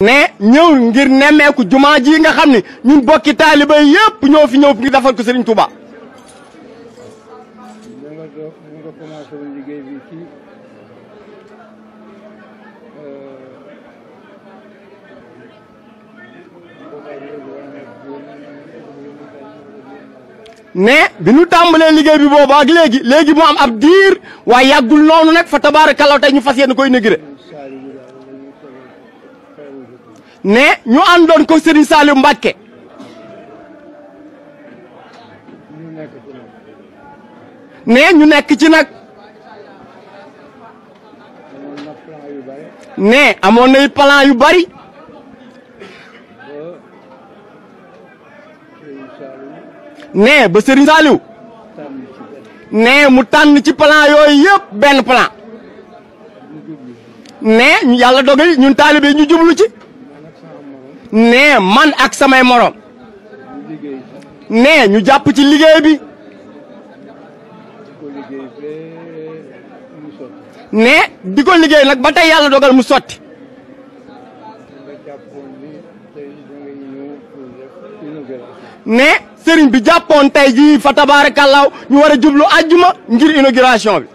ne ñëw ngir nemmeeku jumaa ji nga xam ne ñun bokki taaliba yépp ñoo fi ñëw fi ngir defal ko Serigne Touba. ne bi ñu tàmbalee liggéey bi boobu ak léegi léegi moo am ab diir waa yàggul noonu nag fa tabaar kalaw tey ñu fas yéene koy inauguré. ne ñu àndoon ko Serigne Saliou Mbacké ne ñu nekk ci nag ne amoon na plan yu bari ne ba Serigne Saliou ne mu tànn ci plan yooyu yëpp benn plan ne yàlla dogal ñun taalibe ñu jublu ci nee man ak samay morom nee ñu jàpp ci liggéey bi nee di ko liggéey nag ba tey yàlla dogal mu sotti ne sëriñ bi jàppoon tey jii fa tabaarakallaaw ñu war a jublu àjjuma ngir inauguration bi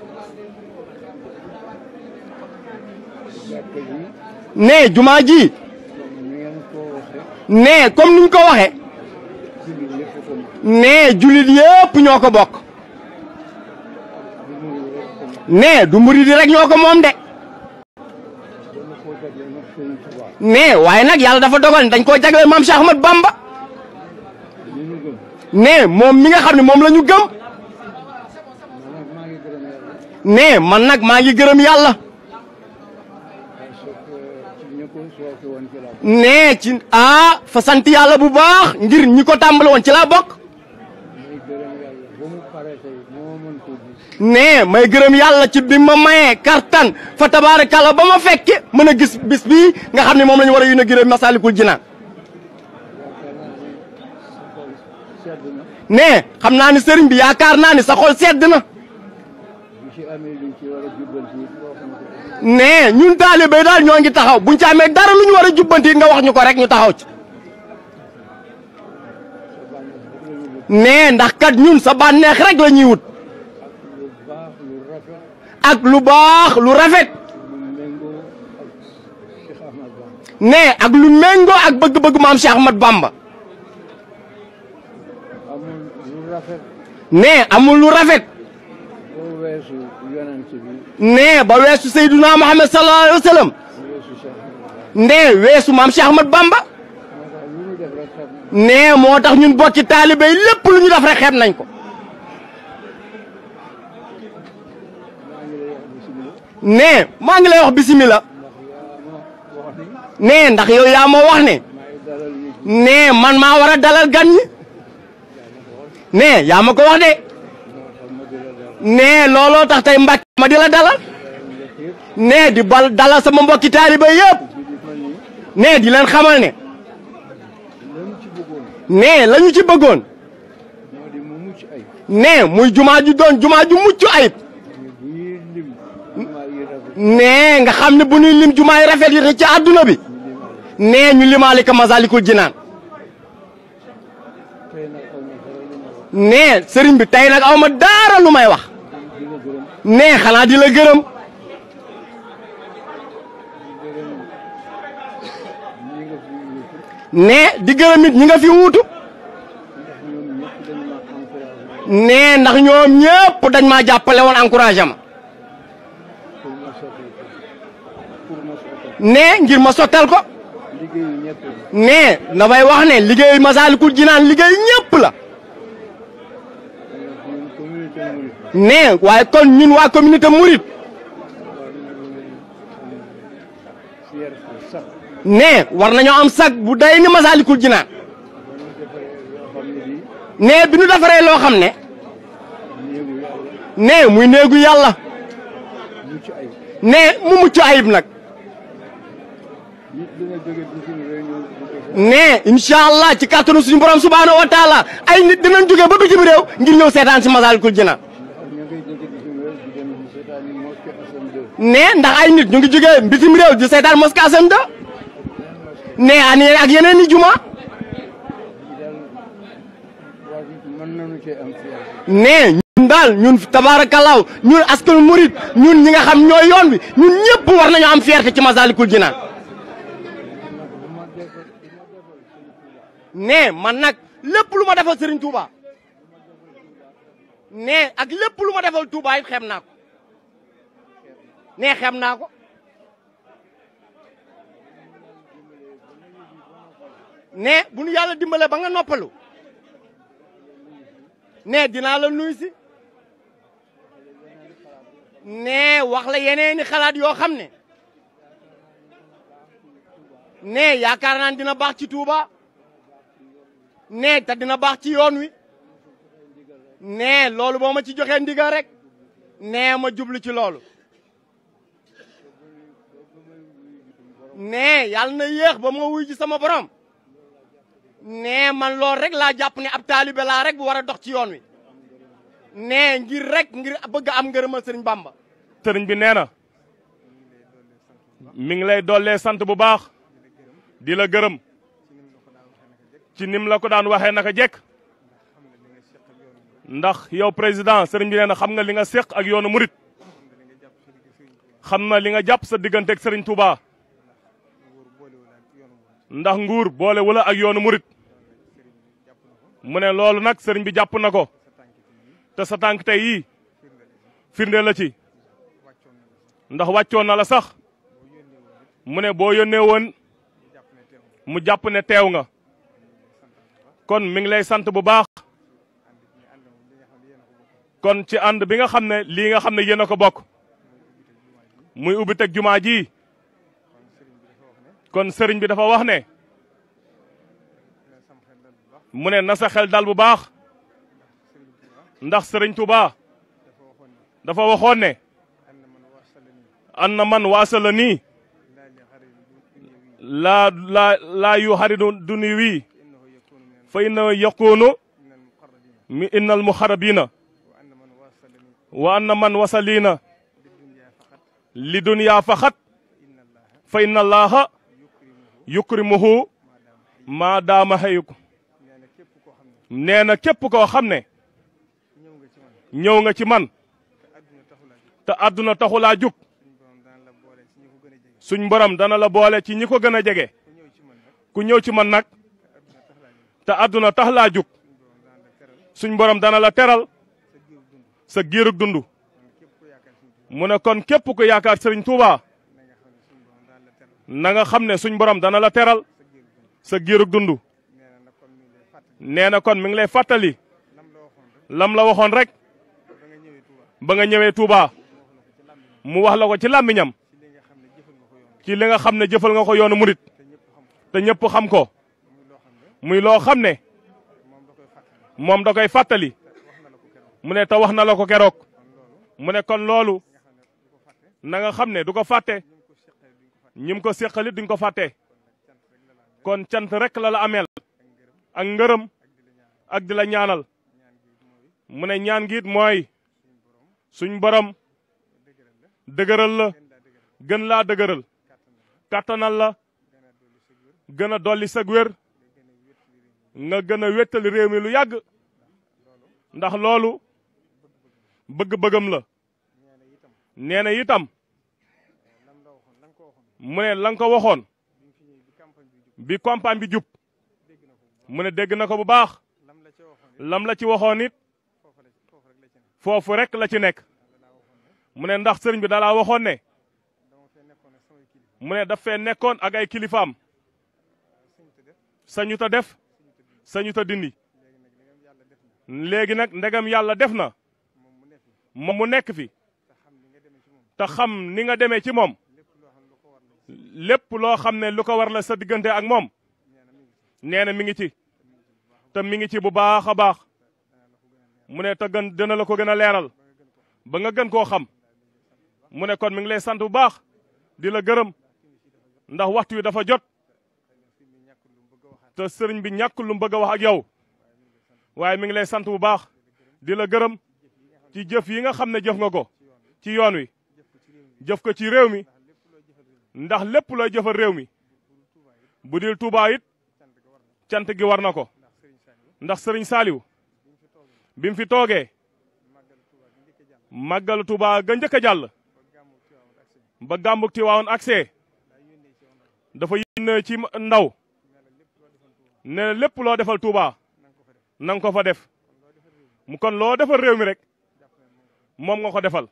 ne jumaa nee comme niñ ko waxe nee jullit yëpp ñoo ko bokk nee du murid yi rek ñoo ko moom de nee waaye nag yàlla dafa dogal ne dañ koo jagleel maam Cheikh Ahmad Bamba nee moom mi nga xam ne moom la ñu gëm nee man nag maa ngi gërëm yàlla nee ci ah fa sant yàlla bu baax ngir ñi ko tàmbali woon ci laa bokk. nee may gërëm yàlla ci bi ma mayee kartan fa kàlla ba ma fekke mën a gis bis bii nga xam ne moom lañu war a inauguré Massalikul Jinaan nee xam naa ni sëriñ bi yaakaar naa ni sa xol sedd na. ne ñun talibé daal ñoo ngi taxaw buñ ci amé dara luñu wara jubanti nga wax ñuko rek ñu taxaw ci ne ndax kat ñun sa banex rek lañuy wut ak lu bax lu rafet ne ak lu mengo ak bëgg-bëgg maam Cheikh Ahmad Bamba ne amul lu rafet nee ba weesu Seyduna Muhammad sallallahu nee weesu maam Cheikh Ahmad Bamba nee moo tax ñun bokki taalibe yi lépp lu ñu def xeeb nañ ko nee maa ngi lay wax bisimila nee ndax yow yaa wax ne nee man maa war a dalal gan ñi nee yaa ko wax de ne lolo tax tay madila ma di dalal ne di bal dalal sama mbokki taaliba yeb ne di len xamal ne ne la ci bëggoon ne muy juma ju doon juma ju muccu ayib ne nga xamne bu ñuy lim juma yi rafet yi ci aduna bi ne ñu limaale mazalikul jinan ne serigne bi tay nak awma dara wax nee xanaa di la gërëm nee di gërëm ñi nga fi wuutu nee ndax ñoom ñëpp dañ ma jàppale won encouragé ma nee ngir ma sottal ko nee damay wax ne liggéey Masaalikul Jinaan liggéey ñëpp la ne waaye kon ñun waa communauté Mouride. ne war nañoo am sag bu day ni Masaalikul jinaa ne bi ñu defaree loo xam ne. ne muy néegu yàlla. ne mu mucc ayib nag. ne incha allah ci kàttanu suñu borom subhaanahu wa taala ay nit dinañ jóge ba bitim réew ngir ñëw seetaan si Masaalikul Jinaan ne ndax ay ñu ngi jógee bitim réew di seetaan mosquée Assane II ani ak yeneen i juma ne ñun daal ñun tabaarakallaaw ñun askan murit ñun ñi nga xam ñooy yoon bi ñun ñëpp war nañu am fierté ci ji Jinaan ne man nag lépp lu ma defal Serigne Touba ne ak lépp lu ma defal Touba it xem naa ko nee xam naa ko nee bu nu yàlla dimbale ba nga noppalu ne dinaa la nuyu si ne waxla la yeneeni xalaat yoo xam ne ne yaakaar naan dina baax ci tuuba ne te dina baax ci yoon wi ne loolu boo ma ci joxee ndigal rek ne ma jublu ci loolu ne yal na yeex ba ma wuy ci sama borom ne man loolu rek la japp ne ab taalibe la rek bu wara dox ci yoon wi ne ngir rek ngir bëgg am ngeureuma serigne Bamba. serigne bi nee na mi ngi lay dolé sante bu baax di la gëreum ci nim la ko daan waxé naka jek ndax yow président serigne bi nee na xam nga li nga xeq ak yoonu murit xam na li nga japp sa ak serigne Touba. ndax nguur boole wala ak yoonu murit mu ne loolu nag sëriñ bi jàpp na ko te sa tànk tey yii firnde la ci ndax wàccoon na la sax mu ne boo yónnee woon mu jàpp ne teew nga kon mi ngi lay sant bu baax kon ci ànd bi nga xam ne lii nga xam ne yéen a ko bokk muy ubbi teg jumaa ji kon serigne bi dafa wax ne mune na sa xel dal bu bax ndax serigne touba dafa waxone ne anna man wasalani nii laa laa laa yu xaridu duni wii fa inna yakunu mi innal muxarabina wa anna man wasalina li dunya faxat fa inna allaha mu yukrimuhu maa daama hayukum nee na képp koo xam ne ñëw nga ci man te àdduna taxulaa jug suñ borom dana la boole ci ñi ko gën a jege ku ñëw ci man nag te àdduna tax laa jug suñ borom dana la teral sa giirug dund mu ne kon képp ku yaakaar Sëriñ Tuubaa na nga xamne suñ borom dana la téral sa giirug dundu nee kon mi ngi lay fatali lam la waxon rek ba nga ñëwé Touba mu wax la ko ci làmmiñam ci li nga xamne jëfël nga ko yoonu murit te ñëpp xam ko muy lo xamne mom da koy fatali mu ne wax na la ko kérok mu ne kon lolu na nga xamne du ko ñim ko sekkali duñ ko faté kon cyant rek la la amel ak ngeureum ak dila ñaanal mune ñaan giit moy suñ borom degeural la gën la degeural katanal la gëna doli sa nga gëna wétal réewmi lu yagg ndax lolu bëgg-bëggam la itam mu ne la nga ko waxoon bi campagne bi jub mu ne dégg na ko bu baax lam la ci waxoon it foofu rek la ci nekk mu ne ndax sëriñ bi dalaa waxoon ne mën ne daf fee nekkoon ak ay kilifaam sañu ta def sañu ta dindi léegi nag ndegam yàlla def na moom mu nekk fi te xam ni nga demee ci moom lépp loo xam ne lu ko war la sa diggante ak moom nee na mi ngi ci te mi ngi ci bu baax a baax mu ne te gën la ko gën a leeral ba nga gën koo xam mu ne kon mi ngi lay sant bu baax di la gërëm ndax waxtu wi dafa jot te sëriñ bi ñàkk lu mu bëgg a wax ak yow waaye mi ngi lay sant bu baax di la gërëm ci jëf yi nga xam ne jëf nga ko ci yoon wi jëf ko ci réew mi ndax lépp looy jëfal réew mi bu dil Touba it cant gi war na ko ndax sëriñ Saaliw bi mu fi toogee màggalu Touba ga njëkk a jàll ba gàmbug Tiwaawoon accès dafa yónnee ci ndaw ne lépp loo defal Touba na nga ko fa def mu kon loo defal réew mi rek moom nga ko defal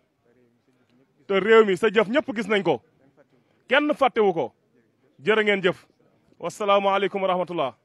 te réew mi sa jëf ñëpp gis nañ ko kenn fàttewu ko jërë ngeen jëf wasalaamualeykum wa rahmatullah